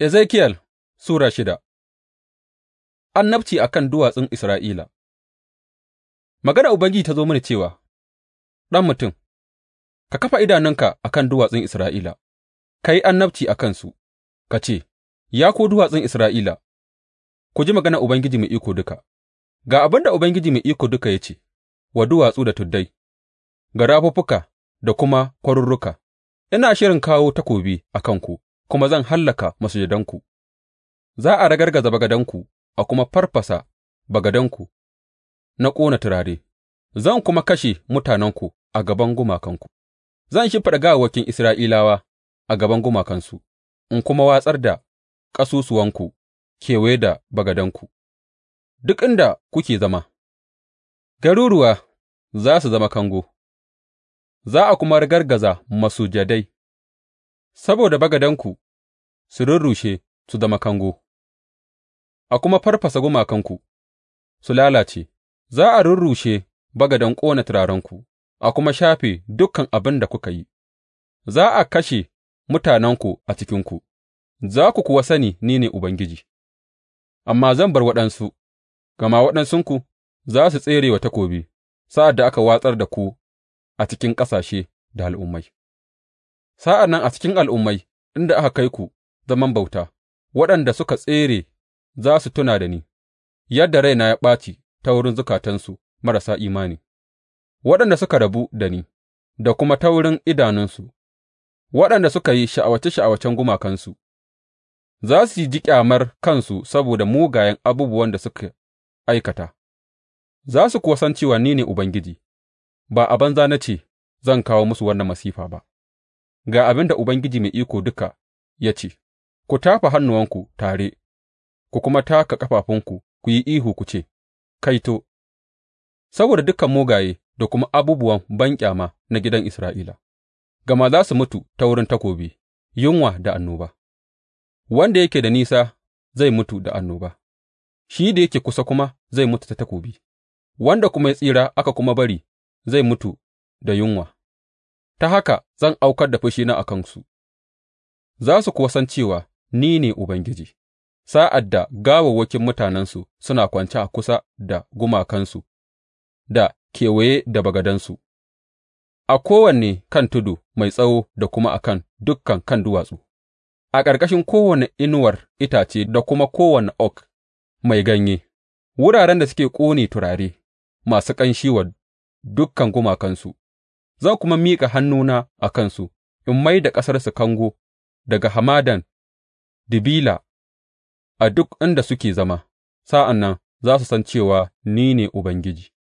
Ezekiyel Sura shida Annabci a kan duwatsun Isra'ila Magana Ubangiji ta zo mini cewa, Ɗan mutum, ka kafa idanunka a kan duwatsun Isra'ila, ka yi annabci a kansu, ka ce, Ya ku duwatsun Isra'ila, ku ji magana Ubangiji mai iko duka, ga abin da Ubangiji mai iko duka ya ce, wa duwatsu da tuddai, ga rafuffuka da kuma kwarurruka, ina shirin kawo takobi a kanku. kuma zan hallaka masujadanku; za a ragargaza bagadanku a kuma farfasa bagadanku na ƙona turare, zan kuma kashe mutanenku a gaban gumakanku; zan shimfiɗa gawakin Isra'ilawa a gaban gumakansu in kuma watsar da ƙasusuwanku kewaye da bagadanku, duk inda kuke zama, garuruwa za su zama kango, za a kuma ragargaza masujadai. saboda bagadanku su rurrushe su zama kango a kuma farfasa gumakanku su lalace, za a rurrushe bagadan ƙona turarenku a kuma shafe dukan abin da kuka yi, za a kashe mutanenku a cikinku, za ku kuwa sani ni ne Ubangiji, amma zan bar waɗansu, gama waɗansunku za su tsere wa takobi sa'ad da aka watsar da ku a cikin ƙasashe da al'ummai. Sa'an nan a cikin al'ummai inda aka kai ku zaman bauta, waɗanda suka tsere za su tuna da ni, yadda raina ya ɓaci ta wurin zukatansu marasa imani, waɗanda suka rabu da ni, da kuma ta wurin idanunsu, waɗanda suka yi sha'awace sha'awacen gumakansu, za su ji ƙyamar kansu saboda mugayen abubuwan da suka aikata, za su kuwa san cewa ni ne Ubangiji, ba a banza na ce zan kawo musu wannan masifa ba. Ga abin da Ubangiji Mai Iko Duka ya ce, Ku tafa hannuwanku tare, ku kuma taka ƙafafunku ku yi ihu ku ce, Kaito, saboda dukan mugaye da kuma abubuwan banƙyama na gidan Isra'ila, gama za su mutu ta wurin takobi, yunwa da annoba, wanda yake da nisa zai mutu da annoba, shi da yake kusa kuma zai mutu ta takobi, wanda kuma ya tsira aka kuma bari zai mutu da yunwa. ta haka zan aukar da fushina a kansu, za su kuwa san cewa ni ne Ubangiji, sa'ad da gawawwakin mutanensu suna kwance a kusa da gumakansu da kewaye da bagadansu, a kowanne kan tudu mai tsawo da kuma a kan dukkan kan duwatsu, a ƙarƙashin kowane inuwar itace da kuma kowane oak mai ganye, wuraren da suke ƙone turare masu ƙanshi wa dukan gumakansu. Zan kuma miƙa hannuna a kansu in mai da ƙasarsu kango daga hamadan Dibila a duk inda suke zama; sa'an nan za su san cewa ni ne Ubangiji.